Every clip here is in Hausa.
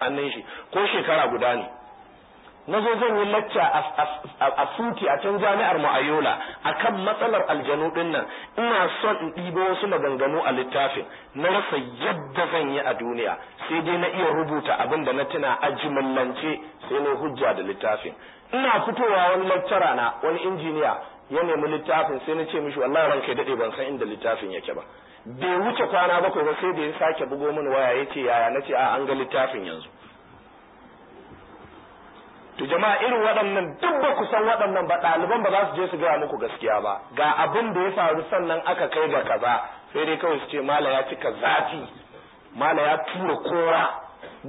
hannun shi ko shekara guda ne na zo zan yi lacca a futi a can jami'ar ma'ayola a kan matsalar aljanu ɗin nan ina son in ɗibo wasu maganganu a littafin na rasa yadda zan yi a duniya sai dai na iya rubuta abin da na tuna a jimillance sai na hujja da littafin ina fitowa wani lantara na wani injiniya ya nemi littafin sai na ce mishi wallahi ranka daɗe ban san inda littafin yake ba bai wuce kwana bakwai ba sai da ya sake bugo min waya ya ce yaya na ce a an ga littafin yanzu to jama'a irin waɗannan duk ba ku san waɗannan ba ɗaliban ba za su je su gaya muku gaskiya ba ga abin da ya faru sannan aka kai ga kaza sai dai kawai su ce mala ya cika zafi mala ya tura kowa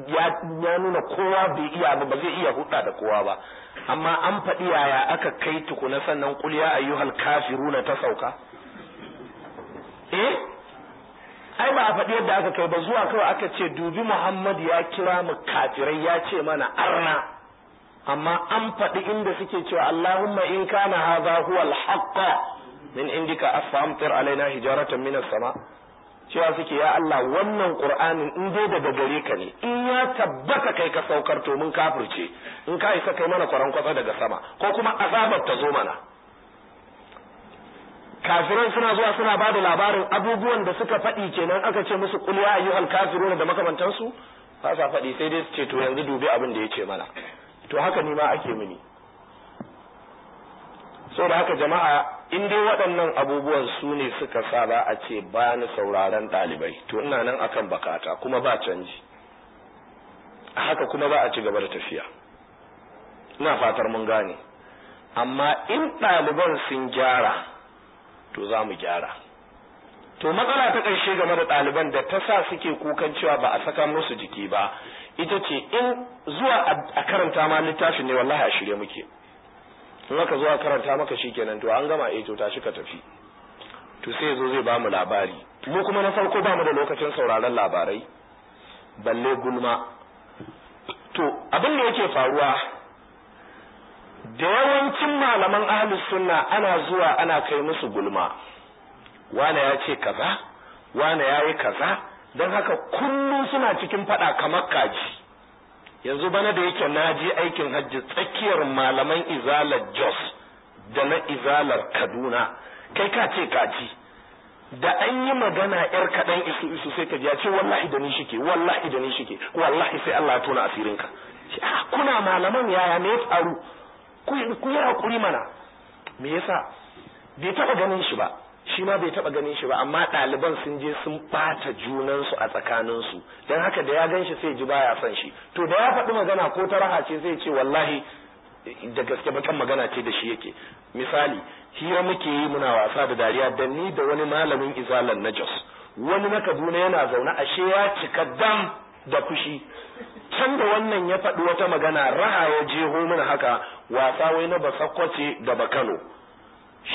ya nuna kowa bai iya ba ba zai iya hudda da kowa ba amma an faɗi yaya aka kai tukuna sannan kulya ayyuhal kafiruna ta sauka eh ai ba a faɗi yadda aka kai ba zuwa kawai aka ce dubi muhammad ya kira mu kafirai ya ce mana arna amma an faɗi inda suke cewa allahumma in kana hadha huwa alhaqqa min indika afamtir alaina hijaratan min sama cewa suke ya Allah wannan Qur'anin in dai daga gare ka ne in ya tabbata kai ka saukar to mun kafirce in ka isa kai mana kwaran kwatsa daga sama ko kuma azabar ta zo mana kafiran suna zuwa suna ba da labarin abubuwan da suka faɗi kenan aka ce musu qul ya ayyuhal kafirun da makamantansu ba sa faɗi sai dai su ce to yanzu dubi abin da ya ce mana to haka ni ma ake mini da haka jama'a in dai waɗannan abubuwan su ne suka sa ba a ce ba ni sauraron ɗalibai to ina nan akan bakata kuma ba canji haka kuma ba a ci gaba da tafiya ina fatar mun gane amma in ɗaliban sun gyara to za mu gyara to matsala ta ƙarshe game da ɗaliban da ta sa suke kukan cewa ba a saka musu jiki ba ita ce in zuwa a karanta ma littafin ne wallahi a shirye muke in aka zuwa karanta maka shi kenan, to an gama eh to tashi ka tafi to sai zo zai bamu labari mu kuma na farko bamu da lokacin sauraron labarai balle gulma to abin da yake faruwa da yawancin malaman ahlus sunna ana zuwa ana kai musu gulma wane ya ce kaza wane ya yi kaza don haka kullum suna cikin fada kamar kaji yanzu bana da yake na je aikin hajji tsakiyar malaman izalar jos da na izalar kaduna kai ka ce kaji da an yi magana yar kaɗan isu isu sai ka ji ce wallahi da ni shike wallahi da ni shike wallahi sai Allah ya tona asirinka ah, kuna malaman yaya ne ya faru ku yi hakuri mana me yasa bai taba ganin shi ba shi ma bai taba ganin shi ba amma ɗaliban sun je sun ɓata junansu a tsakanin su dan haka da ya gan shi sai ji baya son shi to da ya faɗi magana ko ta raha ce zai ce wallahi da gaske bakan magana ce da shi yake misali hira muke yi muna wasa da dariya da ni da wani malamin izalan na jos wani na kaduna yana zaune ashe ya cika dam da fushi can da wannan ya faɗi wata magana raha ya je mana haka wasa wai na sakwace da ba shi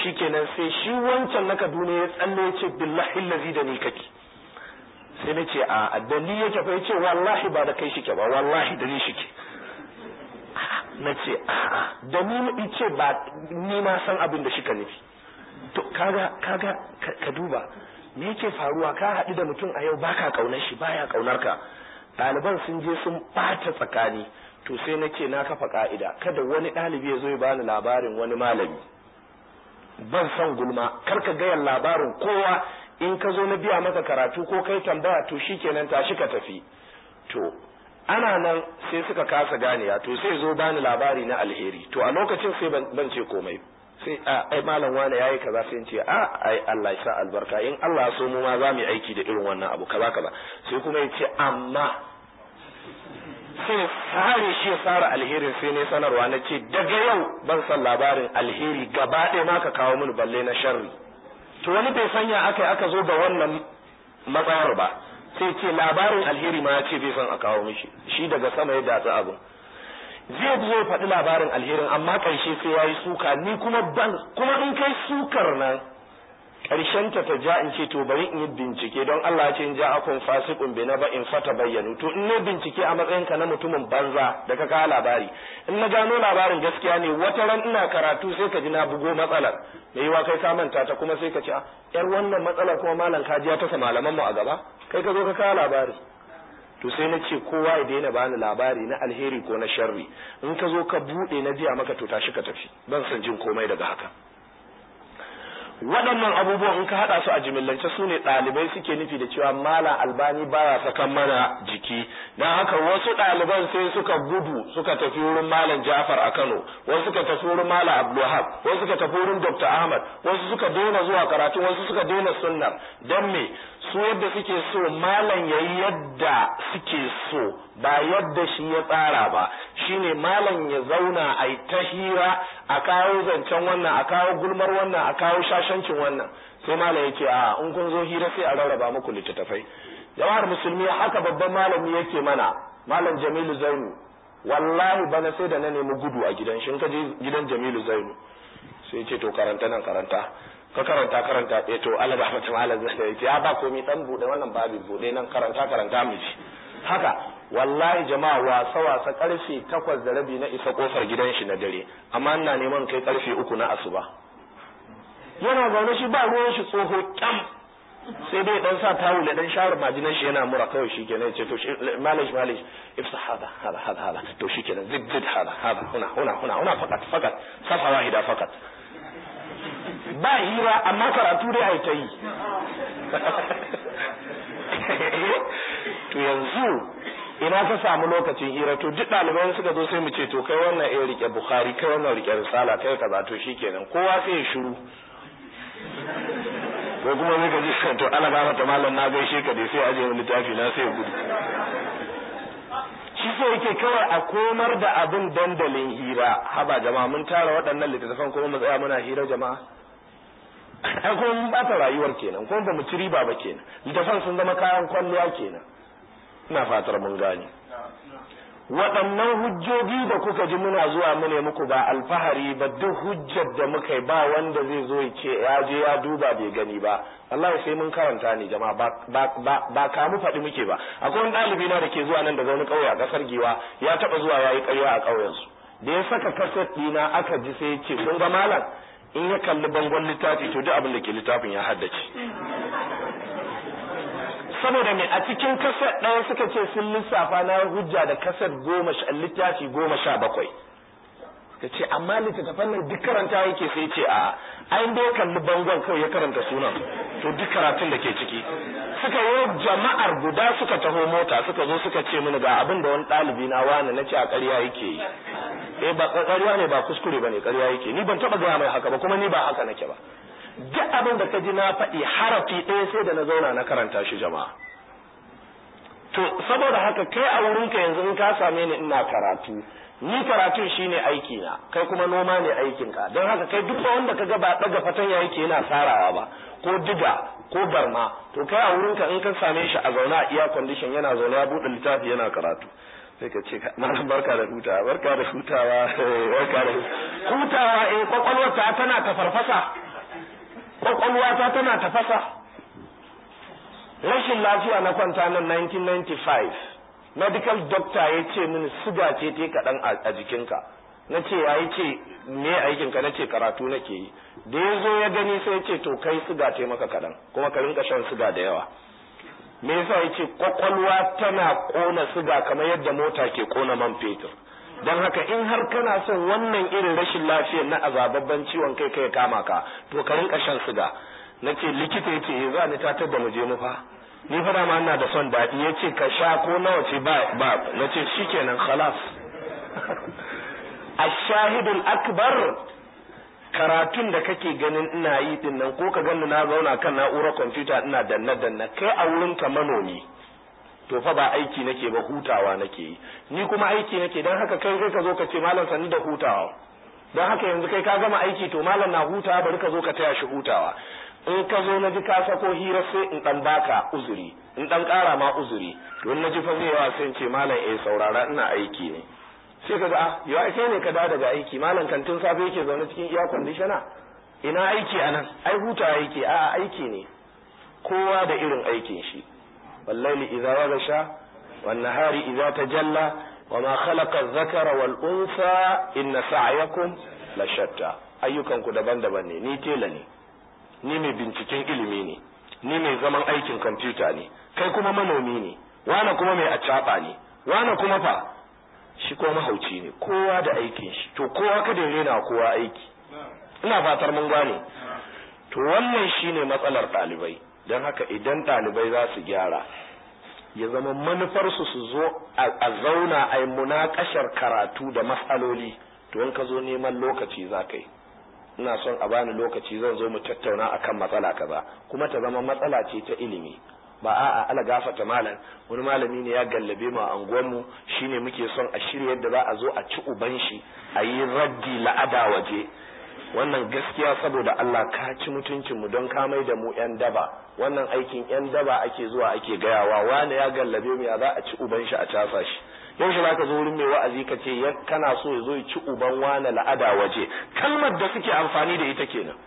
shikenan sai shi wancan na kaduna ya tsalle ce billahi lazi da ni kake sai na ce a dalli yake fa ce wallahi ba da kai shike ba wallahi da ni shike na ce a da ni ce ba ni ma san abin da shika nufi to kaga kaga ka duba me yake faruwa ka haɗu da mutum a yau baka kaunar shi baya kaunar ka ɗaliban sun je sun ɓata tsakani to sai na ce na kafa ƙa'ida kada wani ɗalibi ya zo ya bani labarin wani malami ban san gulma kar ka gayan labarin kowa in ka zo na biya maka karatu ko kai tambaya to shi ta tashi ka tafi to ana nan sai suka kasa ganewa to sai zo bani labari na alheri to a lokacin sai ban ce komai sai a ai malam wani yayi kaza sai in ce a ai Allah ya sa albarka in Allah so mu ma za mu aiki da irin wannan abu kaza kaza sai kuma ya ce amma sai sare shi ya fara alherin sai ne sanarwa na ce daga yau ban san labarin alheri gaba ɗaya ma ka kawo mini balle na sharri to wani bai sanya aka aka zo ga wannan matsayar ba sai ce labarin alheri ma ya ce bai san a kawo mishi shi daga sama ya datsi abin zai zo ya faɗi labarin alherin amma ƙarshe sai ya yi suka ni kuma ban kuma in kai sukar nan ƙarshen ta ta ja in ce to bari in yi bincike don Allah ce in ja akun fasikun bi na ba in fata bayyanu to in ne bincike a matsayin ka na mutumin banza da ka kawo labari in na gano labarin gaskiya ne wata ran ina karatu sai ka ji na bugo matsalar mai yiwa kai ka manta ta kuma sai ka ce ah, yar wannan matsalar kuma malam kajiya ta malaman mu a gaba kai ka zo ka kawo labari to sai na ce kowa ya daina bani labari na alheri ko na sharri in ka zo ka bude na jiya maka to tashi ka tafi ban san jin komai daga haka waɗannan abubuwan in ka haɗa su a jimillance su ne ɗalibai suke nufi da cewa mala albani baya sakan mana jiki Na haka wasu ɗaliban sai suka gudu suka tafi wurin malam jafar a kano wasu suka tafi wurin malam abdulhab wasu suka tafi wurin dr ahmad wasu suka daina zuwa karatu wasu suka daina sunna don me su yadda suke so malam yayi yadda suke so ba yadda shi ya tsara ba shine malam ya zauna a yi ta hira a kawo zancen wannan a kawo gulmar wannan a kawo shashancin wannan sai malam yake a in kun zo hira sai a rarraba muku littattafai jama'ar musulmi haka babban malami yake mana malam jamilu zainu wallahi bana sai da na nemi gudu a gidan shi ka je gidan jamilu zainu sai ce to karanta nan karanta ka karanta karanta ɗaya eh, to alaba mata malam zai ya ce ya ah, ba komi dan buɗe wannan babin buɗe nan karanta karanta mu ji haka wallahi jama'a wasa wasa karfe takwas da rabi na isa kofar gidan shi na dare amma ina neman kai karfe uku na asuba yana zaune shi ba ruwan shi tsoho kyam sai dai dan sa tawul dan share majinan shi yana mura kawai shikenan ya ce to malish malish ifsa hada hada hada hada to shikenan zid zid hada hada huna huna huna huna fakat fakat safa wahida fakat ba hira amma karatu dai ai ta yi to yanzu ina ka samu lokacin hira to duk ɗaliban suka zo sai mu ce to kai wannan ya eh, rike bukhari kai wannan rike risala kai kaza to shikenan kowa sai ya shiru ko kuma zai shi to ana gama ta malam na gaishe ka dai sai je wani littafi na sai ya gudu shi sai yake kawai a komar da abin dandalin hira haba jama'a mun tara waɗannan littattafan kuma mu tsaya muna hira jama'a ai kuma mun bata rayuwar kenan kuma ba mu ci riba ba kenan littattafan sun zama kayan kwalliya kenan ina fatar mun gani waɗannan hujjoji da kuka ji muna zuwa mune muku ba alfahari ba duk hujjar da muka ba wanda zai zo ce ya je ya duba bai gani ba wallahi sai mun karanta ne jama'a ba ka mu faɗi muke ba akwai wani ɗalibi na da ke zuwa nan daga wani ƙauye a ƙasar giwa ya taɓa zuwa yayi ƙarya a ƙauyensu da ya saka kaset dina aka ji sai ya ce kun ga malam in ya kalli bangon littafi to duk abin da ke littafin ya haddace saboda mai a cikin kasar ɗaya suka ce sun lissafa na hujja da kasar goma sha littafi goma sha bakwai ta ce amma littattafan nan duk karanta yake sai ce a an dai kalli bangon kawai ya karanta sunan to duk karatun da ke ciki suka yi jama'ar guda suka taho mota suka zo suka ce mini ga abin da wani ɗalibi na wani na ce a ƙarya yake yi eh ba ƙarya ne ba kuskure ba ne ƙarya yake ni ban taɓa gaya mai haka ba kuma ni ba haka nake ba duk abin da ka ji na faɗi harafi ɗaya sai da na zauna na karanta shi jama'a to saboda haka kai a wurin ka yanzu in ka same ni ina karatu ni karatun shine aiki na kai kuma noma ne aikin ka don haka kai duk wanda ka ga ba daga fatan ya yake yana sarawa ba ko diga ko barma to kai a wurin ka in ka same shi a zauna a iya condition yana zaune ya buɗe littafi yana karatu sai ka ce malam barka da hutawa barka da hutawa barka da hutawa eh kwakwalwar ta tana ta farfasa kwakwalwata tana tafasa rashin lafiya na kwanta nan 1995 medical doctor ya ce mini suga ce te kaɗan a jikinka na ce ya yi ce me aikinka na ce karatu nake yi da ya zo ya gani sai ya ce to kai siga ce maka kaɗan kuma ka rinka shan suga da yawa me yasa ya ce kwakwalwa tana kona suga kamar yadda mota ke kona man fetur don haka in har kana son wannan irin rashin lafiyar na azababban ciwon kai kai kama ka to ka rinka shan siga ce likita yace eh za ni tatar da mu je mu fa ni fa dama ina da son dadi yace ka sha ko nawa ce ba ba nace shikenan khalas ashahidul akbar karatun da kake ganin ina yi din nan ko ka ganni na zauna kan na'urar kwamfuta ina danna danna kai a wurin ka manomi to fa ba aiki nake ba hutawa nake yi ni kuma aiki nake dan haka kai kai ka zo ka ce malam sanni da hutawa dan haka yanzu kai ka gama aiki to malam na hutawa bari ka zo ka taya shi hutawa in ka zo na ji ka sako hira sai in dan baka uzuri in dan kara ma uzuri to na ji fa zai yawa sai in ce malam eh saurara ina aiki ne sai ka ga ah yawa kai ne ka dawo daga aiki malam kantin safe yake zaune cikin iya kwandishana ina aiki anan ai hutawa yake a aiki ne kowa da irin aikin shi والليل إذا وغشى والنهار إذا تجلى وما خلق الذكر والأنثى إن سعيكم لشتى ayyukanku daban-daban ne ni tela ne ni mai binciken ilimi ne ni mai zaman aikin kamfuta ne kai kuma manomi ne wane kuma mai acaɓa ne wane kuma fa shi ko mahauci ne kowa da aikin shi to kowa kada raina kowa aiki ina fatar mun gane to wannan shine matsalar ɗalibai don haka idan ɗalibai za su gyara ya zama manufar su zo a zauna a yi munakashar karatu da matsaloli to in ka zo neman lokaci za ka yi ina son a bani lokaci zan zo mu tattauna akan matsala kaza kuma ta zama matsala ce ta ilimi ba a'a ala gafata malam wani malami ne ya gallabe mu a unguwarmu shine muke son a shirya yadda za a zo a ci uban shi a yi raddi la'ada waje wannan gaskiya saboda Allah ka ci mutuncin mu don ka mai da mu yan daba wannan aikin yan daba ake zuwa ake gayawa wani ya gallabe mu ya za a ci uban shi a casa shi yau shi zaka zo wurin mai wa'azi ka ce kana so ya zo ya ci uban wani la'ada waje kalmar da suke amfani da ita kenan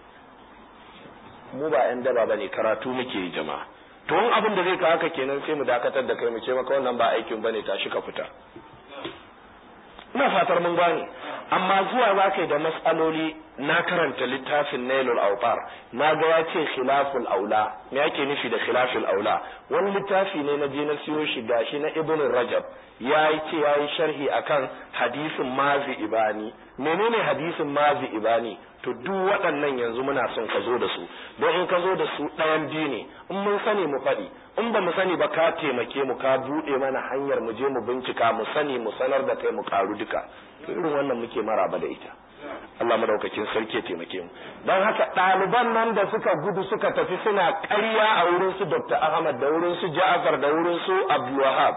mu ba yan daba bane karatu muke yi jama'a to wani abin da zai ka haka kenan sai mu dakatar da kai mu ce maka wannan ba aikin bane tashi ka fita ina fatar mun gane amma zuwa za da matsaloli na karanta littafin nailul autar na ga ya ce khilaful aula me yake nufi da khilaful aula wani littafi ne na je na siyo shi gashi na ibn rajab ya yi ce ya yi sharhi akan hadisin mazi ibani menene hadisin mazi ibani to duk waɗannan yanzu muna son ka zo da su don in ka zo da su ɗayan biyu ne in mun sani mu faɗi in ba mu sani ba ka taimake mu ka buɗe mana hanyar mu je mu bincika mu sani mu sanar da kai mu karu duka to irin wannan muke maraba da ita Allah madaukakin sarki ya taimake mu don haka ɗaliban nan da suka gudu suka tafi suna ƙarya a wurin su Dr. Ahmad da wurin su Ja'far da wurin su Abdul Wahab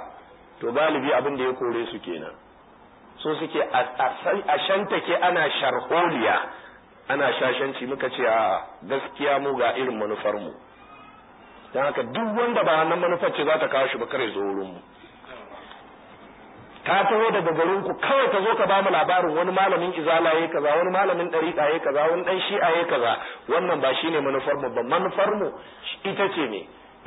to galibi abin da ya kore su kenan so suke a shantake ana sharholiya ana shashanci muka ce a gaskiya mu ga irin manufar mu dan haka duk wanda ba wannan manufar ce za ta kawo shi ba kare zo wurin mu ka taho daga garin ku kawai ka zo ka bamu labarin wani malamin izala yayi kaza wani malamin dariqa yayi kaza wani dan shi'a yayi kaza wannan ba shine manufar mu ba manufar mu ita ce ne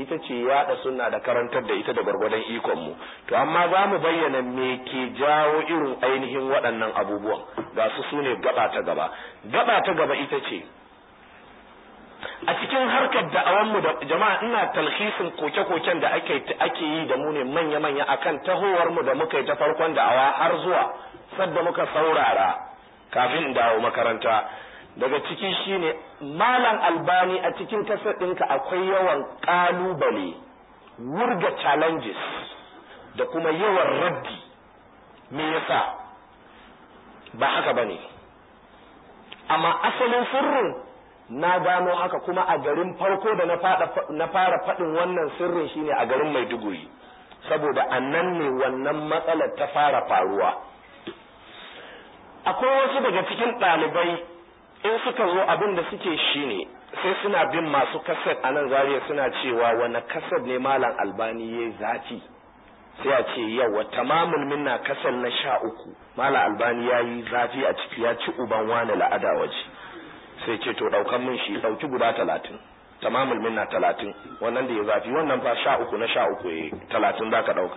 ita ce yada sunna da karantar da ita da gwargwadon ikon mu to amma za mu bayyana me ke jawo irin ainihin waɗannan abubuwan ga su sune gaba ta gaba gaba ta gaba ita ce a cikin harkar da'awan mu da jama'a ina talhisin koke-koken da ake ake yi da mu ne manya-manya akan tahowar mu da muka yi ta farkon da'awa har zuwa sadda muka saurara kafin dawo makaranta daga ciki shine malam albani a cikin kasar ɗinka akwai yawan ƙalubale wurga challenges da kuma yawan raddi me yasa ba haka bane amma asalin sirrin na gano haka kuma a garin farko da na fara faɗin wannan sirrin shine a garin maiduguri saboda annan ne wannan matsalar ta fara faruwa akwai wasu daga cikin ɗalibai in suka zo abin da suke shine sai suna bin masu kasar a nan zariya suna cewa wani kasar ne malam albani ya zafi sai a ce yawa tamamin minna kasar na sha uku malam albani ya yi zafi a ciki ya ci uban wani la'ada waje sai ce to daukan min shi dauki guda talatin tamamul minna talatin wannan da ya zafi wannan fa sha uku na sha uku ye eh, talatin za ka dauka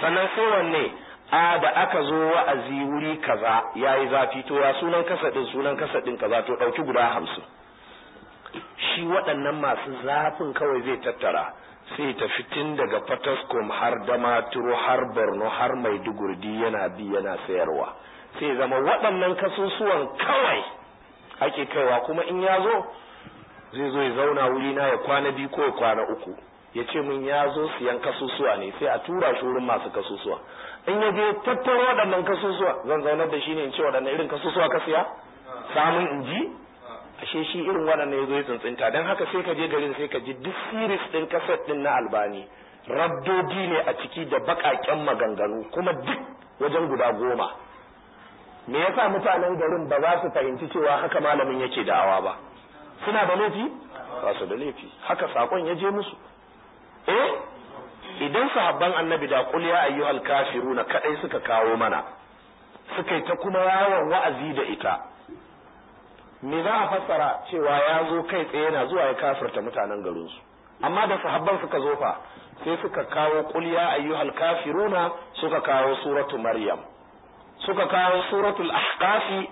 sannan sai wanne a da aka zo wa'azi wuri kaza ya yi zafi to ya sunan kasadin sunan kasadin kaza to dauki guda hamsin shi waɗannan masu zafin kawai zai tattara sai ta fitin daga fataskom har damaturu har borno har maiduguri yana bi yana sayarwa sai zama waɗannan kasusuwan kawai ake kaiwa kuma in ya zo zai zo ya zauna wuri na ya kwana biyu ko ya kwana uku ya ce min ya zo siyan kasusuwa ne sai a tura shi wurin masu kasusuwa in ya je tattaro waɗannan kasusuwa zan zaunar da shi ne in ce waɗannan irin kasusuwa ka siya samun in ji ashe shi irin waɗannan ya zo ya tsintsinta don haka sai ka je garin sai ka ji duk siris ɗin kaset ɗin na albani raddodi ne a ciki da baƙaƙen maganganu kuma duk wajen guda goma me yasa mutanen garin ba za su fahimci cewa haka malamin yake da'awa ba suna da laifi ba su da laifi haka sakon ya je musu eh idan sahabban annabi da qul ya ayyuhal kafiruna kadai suka kawo mana suka ta kuma yawon wa'azi da ita me za a fassara cewa ya zo kai tsaye yana zuwa ya kafirta mutanen garinsu amma da sahabban suka zo fa sai suka kawo qul ya ayyuhal kafiruna suka kawo suratu maryam suka kawo suratul ahqafi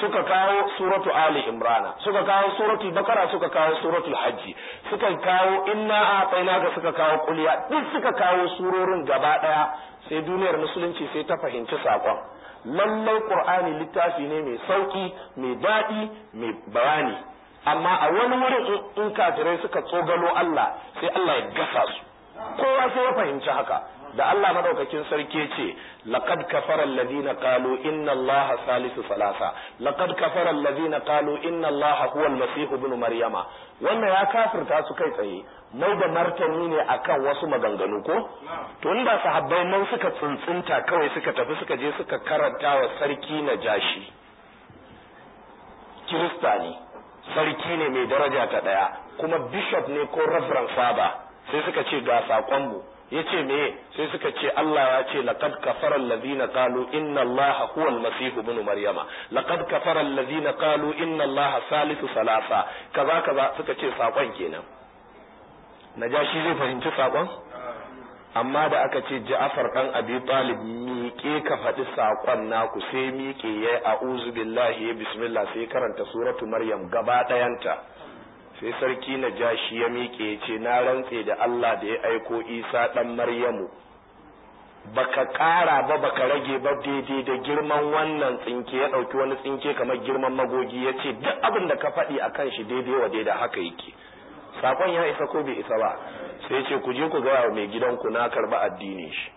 suka kawo suratu ali imrana suka kawo suratul bakara suka kawo suratul hajji suka kawo inna a ga suka kawo kuliya duk suka kawo surorin gaba daya sai duniyar musulunci sai ta fahimci sakon lallai qur'ani littafi ne mai sauki mai daɗi mai bayani amma a wani wurin in kafirai suka tsogalo Allah sai Allah ya gasa su ya so ya fahimci haka da Allah madaukakin sarki ce laqad kafara alladhina qalu inna allaha salisu salasa laqad kafara alladhina qalu inna allaha huwa almasih ibn maryama wannan ya kafirta su kai tsaye mai da martani ne akan wasu maganganu ko to inda sahabbai mun suka tsuntsunta kawai suka tafi suka je suka karanta wa sarki najashi kirista ne sarki ne mai daraja ta daya kuma bishop ne ko reverend father sai suka ce ga saƙonmu ya ce me sai suka ce Allah ya ce laqad kafara allazina qalu inna allaha huwa almasih ibn maryama laqad kafara allazina qalu inna allaha salisu salasa kaza kaza suka ce sakon kenan najashi zai fahimci sakon amma da aka ce Ja'far dan Abi Talib miƙe ka faɗi saƙon naku sai miƙe yayi a'udhu billahi bismillah sai karanta suratu maryam gaba ɗayanta sai sarki na jashi ya miƙe ya ce na rantse da Allah da ya aiko isa ɗan maryamu baka ƙara ba baka rage ba daidai da girman wannan tsinke ya ɗauki wani tsinke kamar girman magogi ya ce duk abin da ka faɗi a kan shi daidai wa daidai haka yake sakon ya isa ko bai isa ba sai ce ku je ku gaya wa mai gidanku na karba addinin shi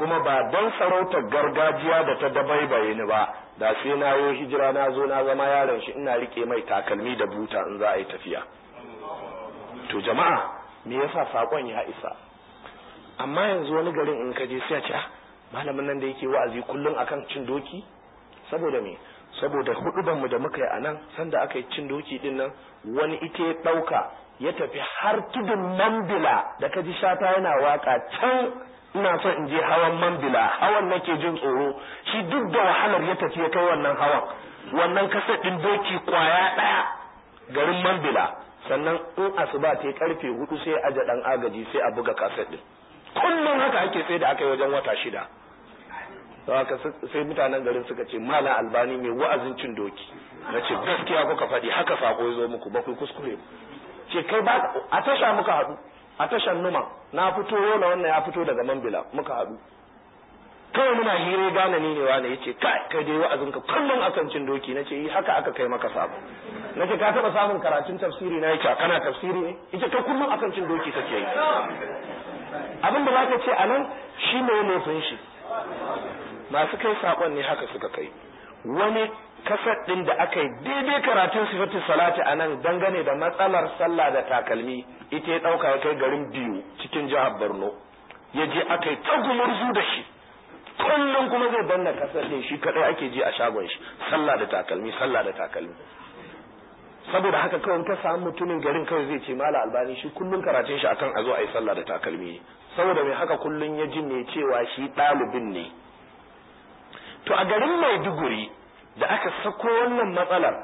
kuma ba don sarautar gargajiya da ta dabaibaye ni ba da sai na yo hijira na zo na zama yaron shi ina rike mai takalmi da buta in za a yi tafiya to jama'a me yasa sakon ya isa amma yanzu wani garin in ka je sai a ce ah, malamin nan da yake wa'azi kullum akan cin doki saboda me saboda mu da muka yi anan nan sanda aka yi cin doki din nan wani ite ya ɗauka ya tafi har tudun mambila da ka ji shata yana waka can ina son in je hawan mambila hawan nake jin tsoro shi duk da wahalar ya tafi ya kai wannan hawan wannan kasar din doki kwaya daya garin mambila sannan in asuba ta karfe hudu sai aje dan agaji sai a buga kasar din kullum haka ake sai da aka yi wajen wata shida haka sai mutanen garin suka ce malam albani mai wa'azin cin doki na ce gaskiya kuka faɗi haka sako ya zo muku bakwai kuskure ce kai ba a tasha muka haɗu a tashar numa na fito rola wannan ya fito daga mambila muka haɗu kawai muna hira gane ni ne wani yace kai kai dai wa'azin ka kullum akan cin doki nace yi eh, haka aka kai maka sabo nace ka taba samun karatun tafsiri na yace kana tafsiri ne yace ka kullum akan cin doki kake yi abin da zaka ce a nan shi ne laifin shi masu kai sakon ne haka suka kai wani kasar ɗin da aka yi daidai karatun sifatin salati a nan dangane da matsalar sallah da takalmi ita ya ɗauka ya kai garin biyu cikin jihar borno ya je aka yi gumurzu da shi kullum kuma zai danna kasar ɗin shi kaɗai ake ji a shagon shi sallah da takalmi sallah da takalmi saboda haka kawai ta samu mutumin garin kawai zai ce mala albani shi kullum karatun shi akan a zo a yi sallah da takalmi saboda mai haka kullum ya ji ne cewa shi ɗalibin ne to a garin maiduguri da aka sako wannan matsalar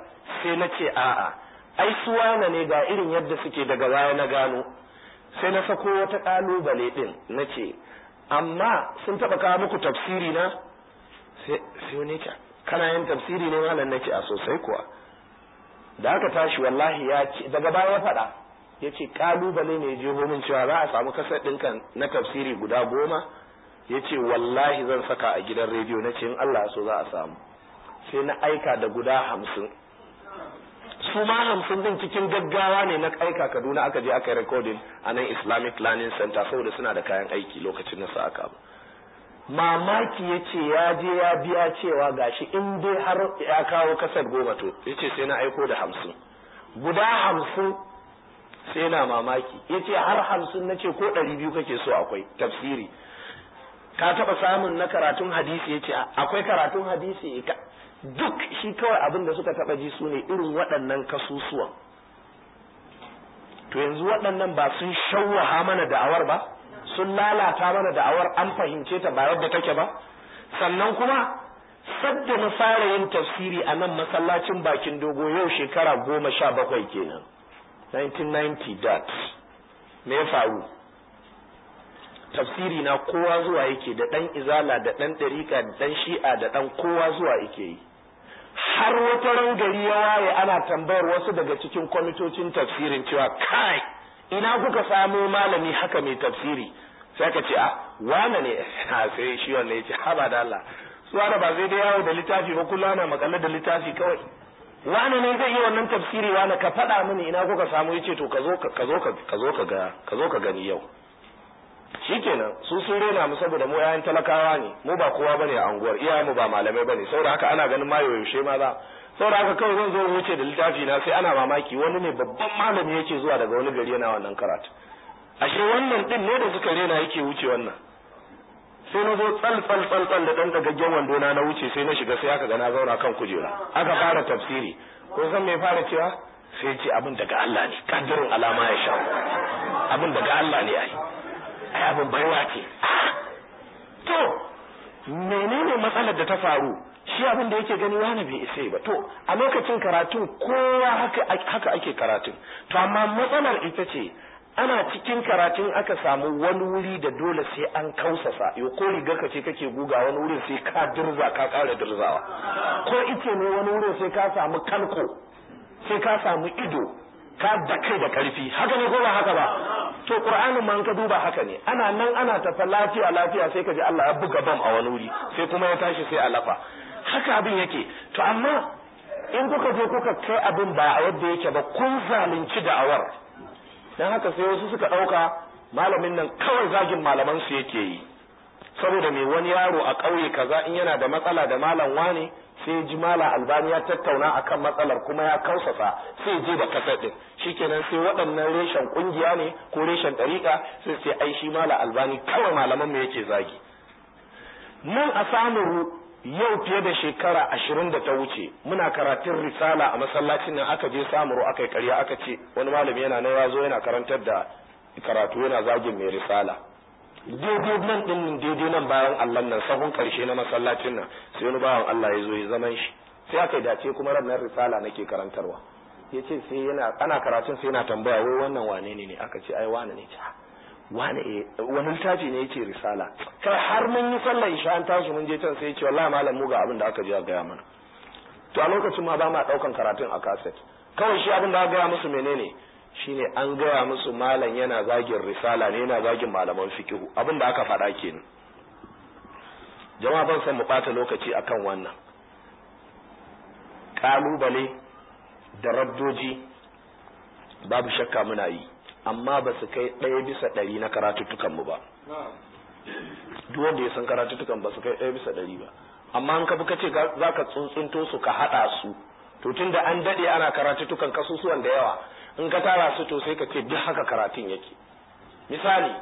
sai na ce a'a ai su wane ne ga irin yadda suke daga baya na gano sai na sako wata kalubale din na ce amma sun taba kawo muku tafsiri na sai ne ce kana yin tafsiri ne malam nake a sosai kuwa da aka tashi wallahi ya ce daga baya ya faɗa ya ce kalubale ne je homin cewa za a samu kasar ɗinka na tafsiri guda goma ya ce wallahi zan saka a gidan rediyo na ce in Allah so za a samu sai na aika da guda hamsin su ma hamsin din cikin gaggawa ne na aika kaduna aka je aka yi recording a nan islamic learning center saboda suna da kayan aiki lokacin na sa aka mamaki ya ce ya je ya biya cewa gashi in dai har ya kawo kasar goma to ya ce sai na aiko da hamsin guda hamsin sai na mamaki ya ce har hamsin na ce ko ɗari biyu kake so akwai tafsiri ka taɓa samun na karatun hadisi ya ce akwai karatun hadisi ya duk shi kawai abin da suka taɓa ji su ne irin waɗannan kasusuwan to yanzu waɗannan ba sun shawwaha mana da'awar ba sun lalata mana da'awar an fahimce ta ba yadda take ba sannan kuma sadda na fara yin tafsiri a nan masallacin bakin dogo yau shekara goma sha bakwai kenan 1990 that me ya faru tafsiri na kowa zuwa yake da ɗan izala da ɗan ɗarika da ɗan shi'a da ɗan kowa zuwa yake yi har wata ran gari ya waye ana tambayar wasu daga cikin kwamitocin tafsirin cewa kai ina kuka samo malami haka mai tafsiri sai ka ce a ah, wane ne a sai shi wanne ya ce haba da Allah su wanda ba zai da yawo da littafi ba kula na makalla da littafi kawai wane ne zai yi wannan tafsiri wane ka faɗa mini ina kuka samu ya ce to ka zo ka zo ka zo ka ga ka zo ka gani yau Shi shikenan su sun rena mu saboda mu yayan talakawa ne mu ba kowa bane a unguwar iya mu ba malamai bane saboda haka ana ganin ma yaushe ma za saboda haka kawai zan zo wuce da littafi na sai ana mamaki wani ne babban malami yake zuwa daga wani gari yana wannan karatu ashe wannan din ne da suka rena yake wuce wannan sai na zo tsal tsal tsal tsal da dan dagaggen wando na na wuce sai na shiga sai aka ga na zauna kan kujera aka fara tafsiri ko san me fara cewa sai ce abin daga Allah ne kadirin alama ya sha abin daga Allah ne ai abin baiwa ce ah! to menene matsalar da ta faru shi abin da yake gani wani bai isa ba to a lokacin karatun kowa haka ake karatun to amma matsalar ita ce ana cikin karatun aka samu wani wuri da dole sai an kausasa yau ko rigar ka ce kake guga wani wurin sai ka dirza ka kare dirzawa ko ice ne wani wurin sai ka samu kalko sai ka samu ido ka da kai da karfi haka ne ko ba haka ba to qur'anin ma ka duba haka ne ana nan ana tafa lafiya lafiya sai ka ji Allah ya buga bam a wani wuri sai kuma ya tashi sai a lafa haka abin yake to amma in kuka je kuka kai abin ba a yadda yake ba kun zalunci da'awar dan haka sai wasu suka dauka malamin nan kawai zagin malaman su yake yi saboda me wani yaro a ƙauye kaza in yana da matsala da malam ne. sai ji mala albani ya tattauna akan matsalar kuma ya kausasa sai je da kasar din shikenan sai waɗannan reshen ƙungiya ne ko reshen ɗariƙa sai sai ai shi mala albani kawai malaman mu yake zagi nan a samuru yau fiye da shekara ashirin da ta wuce muna karatun risala a masallacin nan aka je samuru aka yi karya aka ce wani malami yana na ya zo yana karantar da karatu yana zagin mai risala daidai nan din nan daidai nan bayan Allah nan sahun karshe na masallacin nan sai wani bawan Allah ya zo ya zaman shi sai aka dace kuma ranar risala nake karantarwa ya ce sai yana ana karatun sai yana tambaya wai wannan wane ne ne aka ce ai wane ne ce ah, wane eh, wani littafi ne yake risala kai har mun yi sallan isha an tashi mun je can sai ya ce wallahi malam mu ga abin da aka ji a gaya mana to a lokacin ma ba ma daukan karatun a kaset kawai shi abin da aka gaya musu menene shine an gaya musu malam yana zagin risala ne yana zagin malaman fikihu abin da aka faɗa kenan jama'a ban san mu ɓata lokaci akan wannan kalubale da raddoji babu shakka muna yi amma ba su kai ɗaya bisa ɗari na mu ba duk wanda ya san karatuttukan ba su kai ɗaya bisa ɗari ba amma an kafi kace za ka tsuntsunto su ka haɗa su to tun da an daɗe ana karatuttukan kasusuwan da yawa in ka tara su to sai ka ce duk haka karatun yake misali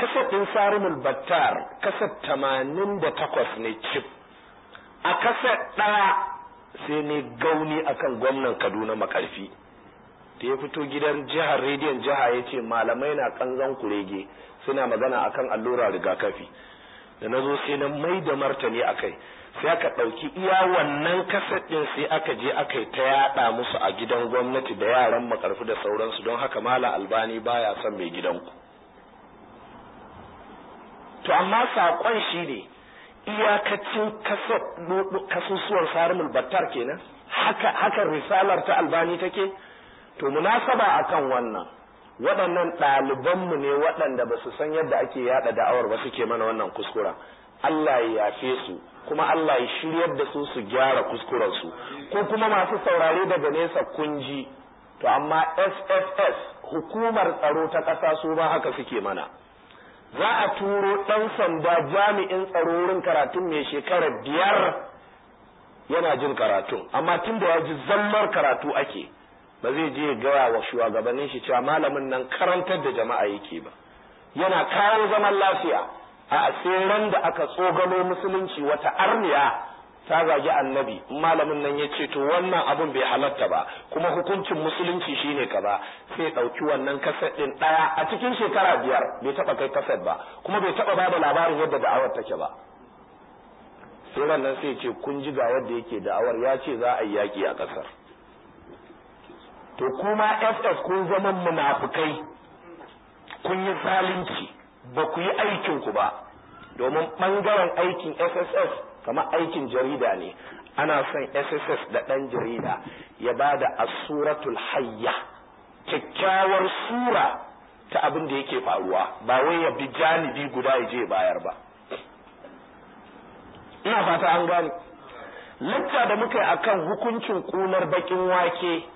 kasar ɗin sarumul battar kasar tamanin da takwas ne cif a kasar ɗaya sai ne gauni akan gwamnan kaduna makarfi da ya fito gidan jihar rediyon jiha ya ce malamai na kanzan kurege suna magana akan allura rigakafi da na zo sai na mai da martani a kai sai aka ɗauki iya wannan kasadin sai aka je aka yi ta yaɗa musu a gidan gwamnati da yaran makarfi da sauransu don haka mala albani baya son mai gidanku to amma saƙon shi ne iyakacin kasusuwar sarimul battar kenan haka haka risalar ta albani take to munasaba akan wannan waɗannan ɗalibanmu ne waɗanda ba su san yadda ake yaɗa da'awar ba suke mana wannan kuskura Allah ya yafe su kuma Allah ya shiryar da su su gyara kuskurensu ko kuma masu saurare daga nesa kunji to amma SSS hukumar tsaro ta ƙasa su ba haka suke mana za a turo ɗan sanda jami'in tsaro wurin karatun mai shekara biyar yana jin karatun amma tun da ya ji zallar karatu ake ba zai je gaya wa shugabannin shi cewa malamin nan karantar da jama'a yake ba yana kawo zaman lafiya a sai da aka tsogalo musulunci wata arniya ta zagi annabi malamin nan ya ce to wannan abun bai halatta ba kuma hukuncin musulunci shine kaza sai ɗauki wannan kaset ɗin ɗaya a cikin shekara biyar bai taɓa kai kaset ba kuma bai taɓa ba da labarin yadda da'awar take ba sai nan sai ce kun ji ga yadda yake da'awar ya ce za a yi yaƙi a ƙasar to kuma ss kun zama munafukai kun yi zalunci ba ku yi aikinku ba domin ɓangaren aikin sss kamar aikin jarida ne ana son sss da ɗan jarida ya ba da asuratul hayya kyakkyawar sura ta abin da yake faruwa ba wai ya bi janibi guda ya je bayar ba ina fata an gane lacca da muka yi akan hukuncin kunar bakin wake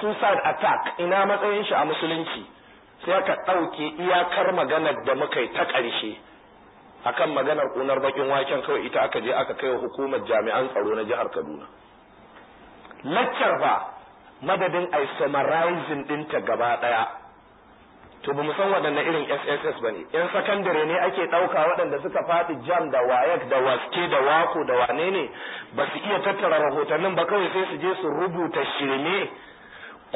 suicide attack ina matsayin shi a musulunci sai aka ɗauke iyakar maganar da muka yi ta ƙarshe akan maganar kunar bakin waken kawai ita aka je aka kai wa hukumar jami'an tsaro na jihar Kaduna laccar ba madadin ai summarizing dinta gaba daya to ba san waɗanne irin SSS bane yan sakandare ne ake ɗauka waɗanda suka faɗi jam da wayak da waske da wako da wane ne ba su iya tattara rahotannin ba kawai sai su je su rubuta shirme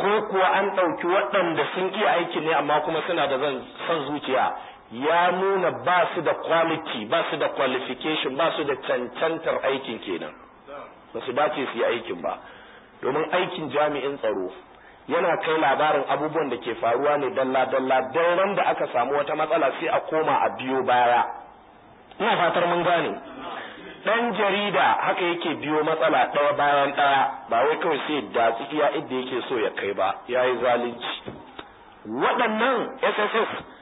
ko kuwa an ɗauki waɗanda sun iya aiki ne amma kuma suna da zan son zuciya ya nuna ba su da quality ba su da qualification ba su da cancantar aikin kenan ba su dace su yi aikin ba domin aikin jami'in tsaro yana kai labarin abubuwan da ke faruwa ne dalla dalla don da aka samu wata matsala sai a koma a biyo baya ina fatar mun gane dan jarida haka yake biyo matsala ɗaya bayan ɗaya ba wai kawai sai da tsikiya inda yake so ya kai ba yayi zalunci waɗannan SSS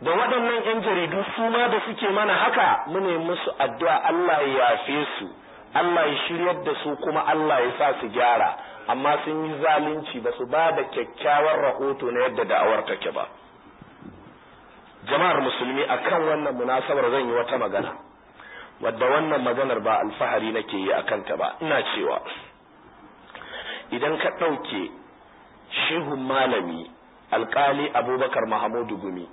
da waɗannan 'yan jaridu su ma da suke mana haka mune musu addu'a Allah ya yafe su Allah ya shiryar da su kuma Allah ya sa su gyara amma sun yi zalunci ba su ba da kyakkyawar rahoto na yadda da'awar take ba jama'ar musulmi akan wannan munasabar zan yi wata magana wadda wannan maganar ba alfahari nake yi akan ta ba ina cewa idan ka ɗauke shehun malami alƙali abubakar mahamudu gumi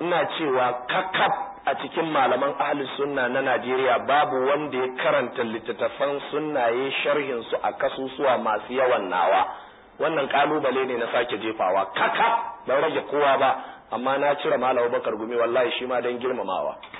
ina cewa kakaf a cikin malaman ahli sunna na Najeriya babu wanda ya karanta littattafan sunnaye sharhin su a kasusuwa masu yawan nawa wannan kalubale ne na sake jefawa kakaf ban rage kowa ba amma na cire malam Bakar Gumi wallahi shi ma dan girmamawa